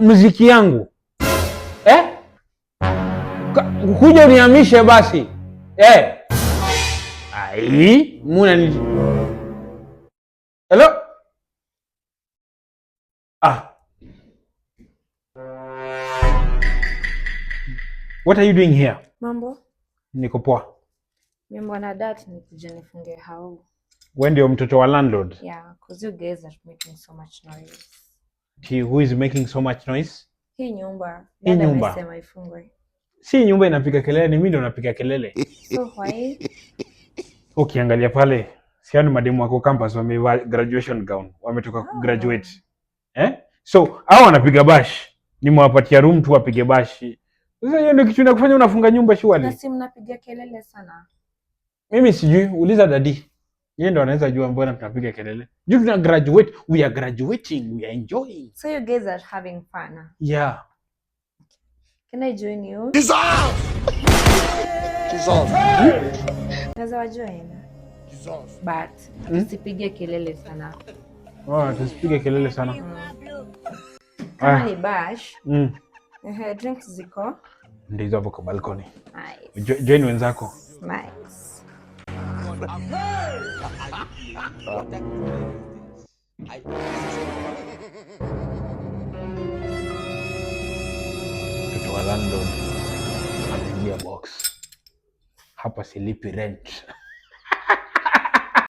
mziki yangu eh? Kuja uniamishe basi eh? Ai, muna ni Hello? Ah. What are you doing here? Mambo? Niko poa. Mimi bwana dad nikuja nifunge hao. Wewe ndio mtoto wa landlord? Yeah, cuz you guys are making so much noise. Ti, who is making so much noise. Hii nyumba. Hii nyumba. Amesema ifungwe. Si nyumba inapiga kelele, ni mimi ndo napiga kelele. So why? Ukiangalia pale, siani mademu wako campus wamevaa graduation gown, wametoka oh, graduate. Eh? So, hao wanapiga bash. Nimewapatia room tu wapige bashi. Sasa hiyo ndio kitu inakufanya unafunga nyumba shwari. Na si mnapiga kelele sana. Mimi sijui, uliza dadi. Yeye ndo anaweza jua mbona tunapiga kelele. Juu tuna graduate, we are graduating, we are enjoying. So you guys are having fun. Yeah. Can I join you? Dissolve! Dissolve. Naweza wa join. Dissolve. But hmm? tusipige kelele sana. Oh, tusipige kelele sana. Hmm. Kama ni bash. Mm. Eh, drinks ziko. Ndizo hapo kwa balcony. Nice. Join wenzako. Nice. Mtoto wa London amegia box hapa, silipi rent